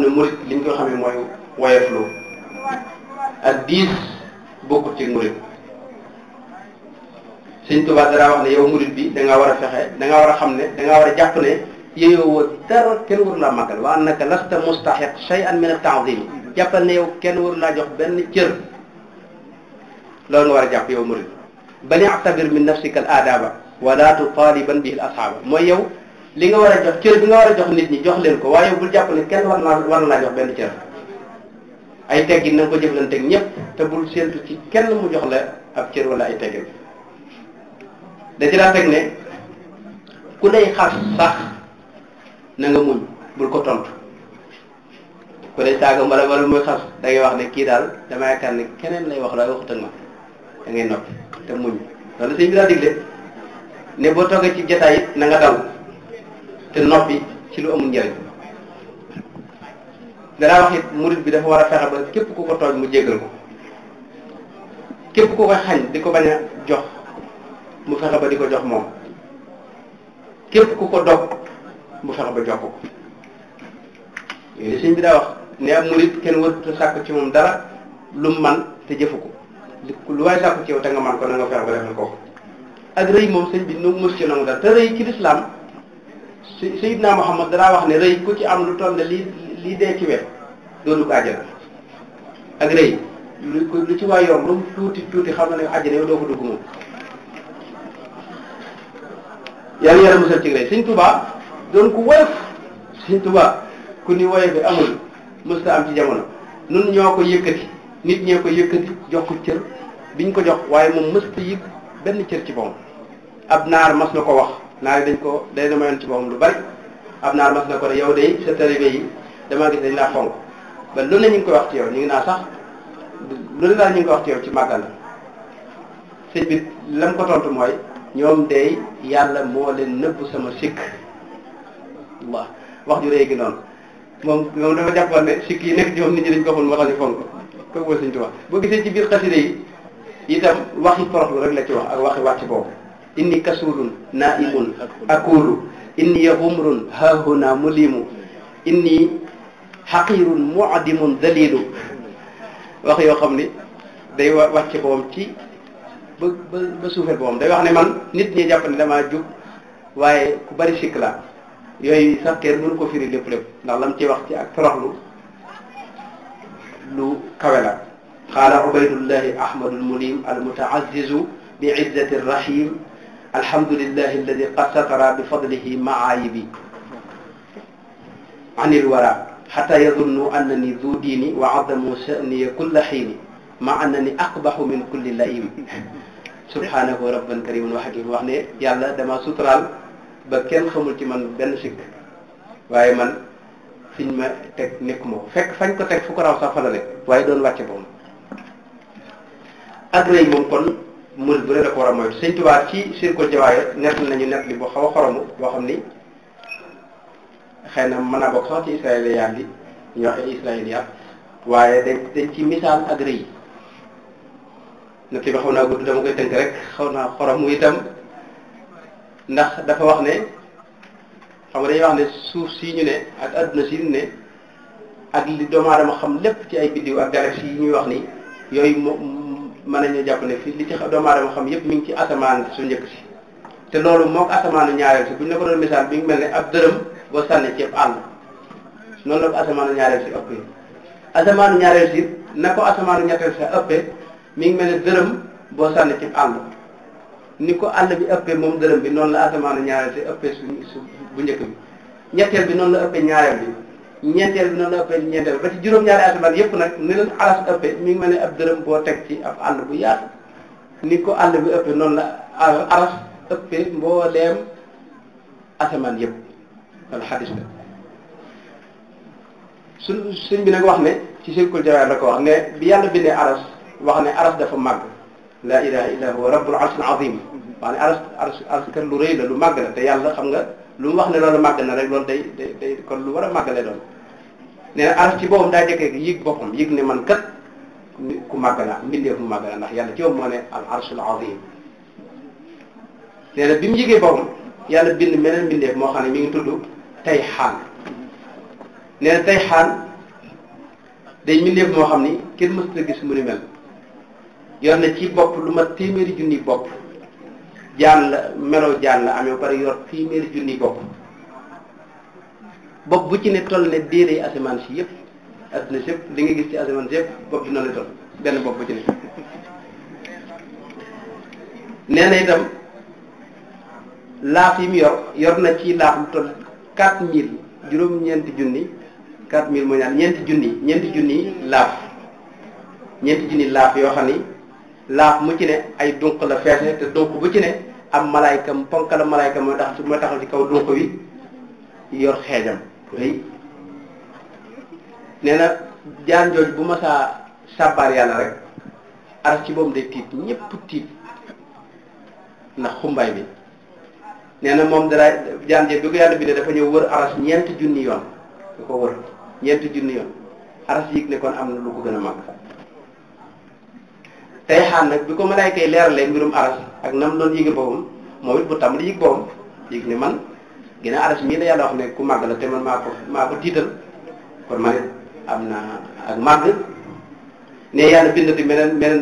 xam ne murit li ñu ko xamee mooy woyoflu ak diis bokkut ci murit sëñ Tuubaa dara wax ne yow murit bi da ngaa war a fexe da ngaa war a xam ne da ngaa war a jàpp ne yow dara kenn waru laa màggal wa annaka lasta mustahiq shay'an min at-ta'zim jàppal ne yow kenn waru laa jox benn cër loolu nga war a jàpp yow murit bali a'tabir min nafsika al-aadaba wala tutaliban bihi al-ashaaba mooy yow li nga war a jox cër bi nga war a jox nit ñi jox leen ko waaye bul jàpp ne kenn war naa war naa jox benn cër ay teggin na ko jëflanteeg ñëpp te bul séentu ci kenn mu jox la ab cër wala ay teggin da ci teg ne ku lay xas sax na nga muñ bul ko tontu ku lay saaga mbala wala muy xas da wax ne kii daal dama yaakaar ne keneen lay wax looy waxut ak ma da ngay noppi te muñ loolu sëñ bi daa digle ne boo toogee ci jotaay it na nga dal. te noppi ci lu amul njëriñ danaa wax it bi dafa war a fexe képp ku ko tooj mu jéggal ko képp ku ko xañ di ko bañ a jox mu fexe di ko jox moom képp ku ko dog mu fexe ba jox ko yooyu bi daa wax ne ab murid kenn warut sàkk ci moom dara lu man te jëfu ko lu waay sàkk ci te nga man ko na nga fexe ba ko ak rëy moom sëñ bi nu mos ci nangu dara te rëy ci lislaam si Seydina Muhammad danaa wax ne rëy ku ci am lu toll lii lii dee ci wet doonu ko àjjana ak rëy lu lu ci waay yomb lu tuuti tuuti xam na ne àjjana yow doo ko dugg moom yàlla yàlla musal ni woyof bi am ci jamono nun ñoo ko yëkkati nit ñee ko yëkkati jox ko cër biñ ko jox waaye moom mësta yëg benn cër ci boppam ab naar mas na ko wax naar dañ ko day demayoon ci moom lu bari am naa mas na ko ne yow day sa taribe yi damaa gis dañ laa fonk ba lu ne ñu ngi koy wax ci yow ñu ngi naa sax lu ne daal ñu ngi koy wax ci yow ci màggal sëñ bi ko ñoom day yàlla moo leen nëbb sama sikk wax ju réy gi noonu moom moom dafa jàppoon ne sikk yi nekk ci nit ñi dañ ko xul moo tax ñu fonk kooku boo gisee ci biir xaside yi itam waxi toroxlu rek la ci wax ak waxi wàcc boobu inni kasulun naaimun akulu inni humrun haahuna mulimu inni xaqirun muadimun dalilu wax yoo xam ni day wàcc boom ci ba ba ba suufee boom day wax ne man nit ñi jàpp ne damaa jub waaye ku bari sikk la yooyu sax kenn mënu ko firi lépp lépp ndax lam ci wax ci ak toroxlu lu kawe la qaala ubaydullahi ahmadul mulim al mutaazizu bi izzati rahim alhamdulillahi alladi qad satara bi fadlihi maayibi anil wara xata yadunnu annani zu diini wa azamu sha'niya kulla xiini ma annani aqbaxu min kulli laim subhaanahu rabban karimun wa hakim wax ne yàlla dama suturaal ba kenn xamul ci man benn sikk waaye man fiñ ma teg nekkuma ko fekk fañ ko teg fu ko raw sax fa la nekk waaye doon wàcce boobu ak rëy moom kon murit bu ne da ko war a moytu sëñ Tuubaa ci sirkul jawaahir nett nañu nett li bu xaw a xoromu boo xam ni xëy na man naa bokk sax ci israéliyaat bi ñu wax israéliyaat waaye dañ dañ ci misaal ak rëy nett li ba xaw naa gudd dama koy tënk rek xaw naa xoromu itam ndax dafa wax ne xam nga dañuy wax ne suuf si ñu ne ak adduna si ne ak li doomu aadama xam lépp ci ay biddiw ak galaxie yi ñuy wax ni yooyu mën nañoo jàpp ne fii li ci doomu aadama xam yëpp mi ngi ci asamaan su njëkk si te loolu moog asamaanu ñaareel si bu ñu la ko doon misaal bi ngi mel ne ab dërëm boo sànnee ceeb ab àll noonu la ko ñaareel si ëppee asamaanu ñaareel si na mi ngi mel ne dërëm boo sànni ci àll ni ko àll bi ëppee moom dërëm bi noonu la asamaanu ñaareel si ëppee su bu njëkk bi ñetteel bi noonu la ëppee ñaareel bi ñeenteel bi noonu la ëppee ñeenteel ba ci juróom-ñaari asamaan yëpp nag ni leen xalaat ëppee mi ngi mel ne ab dërëm boo teg ci ab àll bu yaatu ni ko àll bu ëppee noonu la ëpp ëppee mbooleem asamaan yëpp loolu la su suñ bi nag wax ne ci sirkul jawaar la ko wax ne bi yàlla bindee aras wax ne aras dafa màgg laa ilaha illa huwa rabbul arsil azim wax ne aras aras kër lu rëy la lu màgg la te yàlla xam nga lu wax ne loolu màgg na rek loolu day day day kon lu war a màgg lay doon nee na ci boppam daa jëkkee yëg boppam yëg ne man kat ku màgg la mbindeef mu màgg la ndax yàlla ci moom moo ne al arsul azim nee bi mu yëgee boppam yàlla bind meneen mbindeef moo xam ne mu ngi tudd tey xaan nee na xaan day mbindeef moo xam ni kenn mësut a gis mu ni mel yor na ci bopp lu mat téeméeri junni bopp jaan la meloo jaan la amee ba pare yor téeméeri junni bopp bopp bu ci ne toll ne déedéet yi asamaan yëpp adduna si yëpp nga gis ci asamaan si yëpp bopp dina la toll benn bopp bu ci ne nee na itam laaf yi mu yor yor na ci laaf lu toll quatre mille juróom-ñeenti junni quatre mille mooy ñaar ñeenti junni ñeenti junni laaf ñeenti junni laaf yoo xam ni laaf mu ci ne ay dunq la feese te dunq bu ci ne am malaayka ponkala malaayka moo tax moo taxaw ci kaw dunq wi yor xeejam rëy nee na jaan jooju bu ma saa sàbbaar yàlla rek aras ci boobu de tiit ñëpp tiit ndax xumbaay bi nee na moom dara jaan jooju bi ko yàlla bindee dafa ñëw wër aras ñeent junni yoon da ko wër ñeenti junni yoon aras yëg ne kon am na lu ko gën a tey xaar nag bi ko malaayka yi leeralee mbirum aras ak nam doon yëge boppam moom it bu tàmbali yëg boppam yëg ne man ginnaaw aras mii la yàlla wax ne ku màgg la te man maa ko maa ko tiital kon man am na ak màgg ne yàlla bindati meneen meneen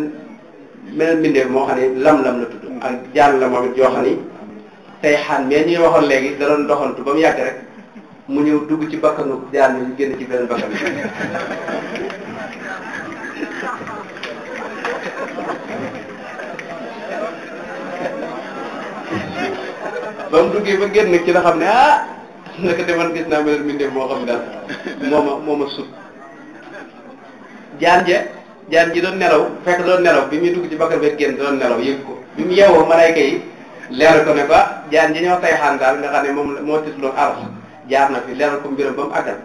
meneen mbindeef moo xam ne lam-lam la tudd ak jaan la moom it yoo xam ni tey xaan mais ñuy waxoon léegi da doon doxantu ba mu yàgg rek mu ñëw dugg ci bakkanu jaan ñu génn ci beneen bakkan bam mu duggee ba génn ci la xam ne ah naka man gis naa beneen mbindeef boo xam daal moo ma moo ma sut jaan ja jaan ji doon nelaw fekk doon nelaw bi muy dugg ci bakkal ba génn doon nelaw yëg ko bi mu yeewoo malayka yi leeral ko ne ba ah, jaan ji ñoo tayxaan daal nga xam ne mo moo titloo aras jaar na fi leeral ko mbiram ba mu àggal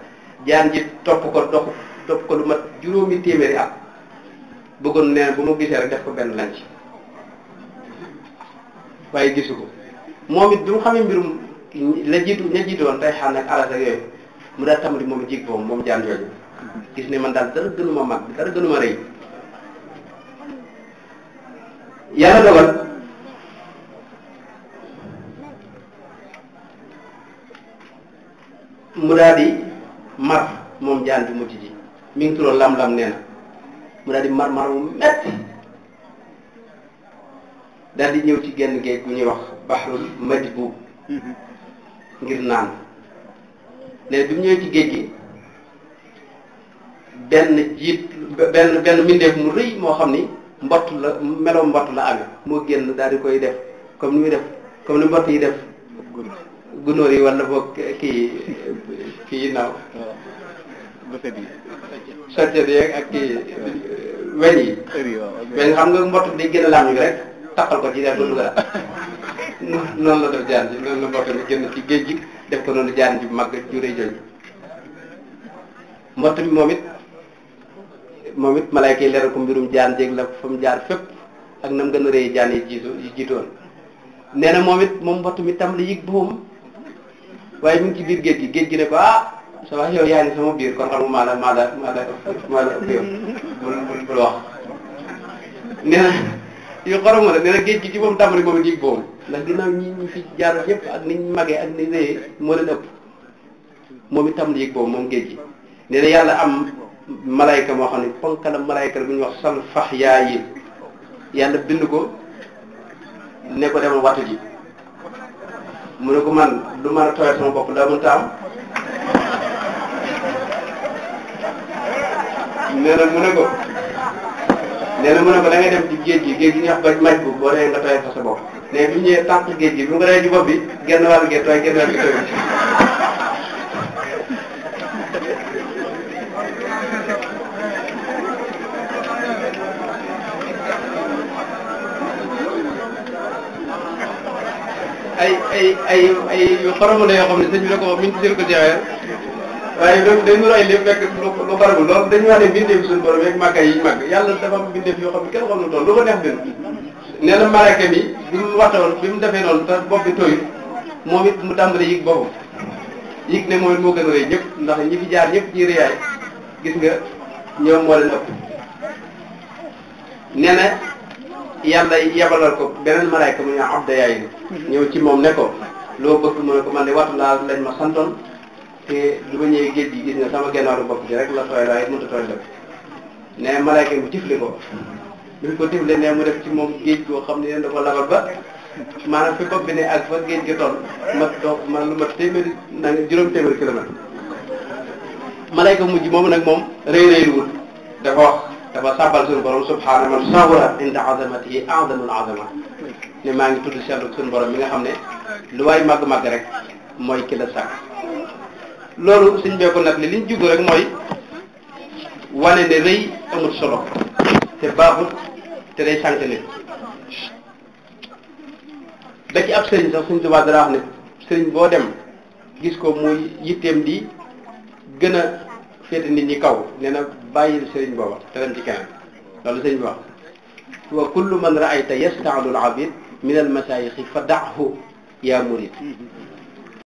jaan ji topp ko dox topp ko lu mat juróomi téeméeri at bëggoon nee bu ma gisee rek def ko benn lanc waaye gisu ko momit bimu xamé mbirum la jitu ñi jitu won tay xal nak alas ak yoy mu da tàmbali moom jik boobu mom jaan yoy gis ni man dal dara gënuma mag dara gënuma rëy yàlla dogal mu daal di mar mom jaan bi mujj mi ngi turoon lam-lam neena mu daal di mar mar mu metti daal di ñëw ci génn géej bu ñuy wax baxrul majbub ngir naan léegi bi du ñëwee ci géej gi benn jiit benn benn mbindeef mu rëy moo xam ni mbott la meloo mbott la amee moo génn daal di koy def comme ni muy def comme ni mbott yi def gunóor yi wala boog kii kii naaw soccat yeeg ak kii weñ yi weñ xam nga mbott day gën a laam rek taxal ko ci dara dootu ko noonu la def jaan ji loolu la mbokk mi génn ci géej gi def ko noonu jaan ji mag ju rëy jooju mbott mi moom it moom it malayka yi ko mbirum jaan jéeg la fa mu jaar fépp ak nam gën a rëy jaan yi jiitoon nee moom it moom mbott mi tam la yëg boppam waaye mu ngi ci biir géej gi géej gi ne ko ah sa wax yow yaa ni sama biir kon xam maa la maa la maa la maa la ëpp yow bul bul bul wax yu xorom la géej gi ci moom tàmbali moom géej boobu ndax ginnaaw ñi ñu fi jaar yépp ak niñ magee ak ni nee moo leen ëpp moom it tàmbali yëg boobu moom géej gi nee na yàlla am malayka moo xam ne ponkala malayka la ñuy wax sal fax yaa yi bind ko ne ko demal wattu ji ko man du mën a tooyal sama mu ne ko nee na mu ne ko da ngay dem ci géej gi géej gi ñuy ba baj maj bu bo re nga tay fa sa bopp mais bi ñu ñëwee tànk gi bu nga ray ci bopp bi genn waal géej tooy genn waal tooy ay ay ay ay yu xaramu la yo xamne ne sëñ bi da ko min ko jeexee waaye même dañu roy lépp fekk lu lu barabu loolu dañu wax ne bindeef suñu borom yeeg màgga yi màgg yàlla dafa am bindeef yoo xam ne kenn xam lu toll lu ko neex nee na malaaka bi mu waxtoon bi mu defee noonu te bopp bi tooyul moom mu tàmbali yëg boppam yëg ne moom it moo gën a rëy ñëpp ndax ñi fi jaar ñëpp ci rëyaay gis nga ñoom moo leen ëpp nee yàlla yebalal ko beneen malaaka mu ñaa abda yaay ñëw ci moom ne ko loo bëgg mu ne ko man de waxtu laa lañ ma santoon te lu ma ñëwee géej gi gis ne sama gennaaru gi rek la tooy waaye mënut a tooy dem ne malaaka bu ko bi mu ko ne mu def ci moom géej goo xam ne da ko ba maanaam fi bopp ak fa géej gi toll mat dox man lu mat téeméeri na nga juróom téeméeri kilomètre malaaka mujj moom nag moom rëy rëy lu wut dafa wax dafa sàbbal suñu borom subhaana man maa ngi tudd seetlu suñu borom mi nga xam ne lu waay màgg-màgg rek mooy kilo la loolu suñ bee ko nag li liñ jublu rek mooy wane ne rëy amul solo te baaxut te day sànq nit da ci ab sëriñ sax suñ tubaab dara wax ne sëriñ boo dem gis ko muy yitteem di gën a féete nit ñi kaw nee na bàyyil sëriñ booba te dem ci keneen loolu sëriñ bi wa kullu man raayta yastaalul abid min al masaayixi fa daxu yaa murid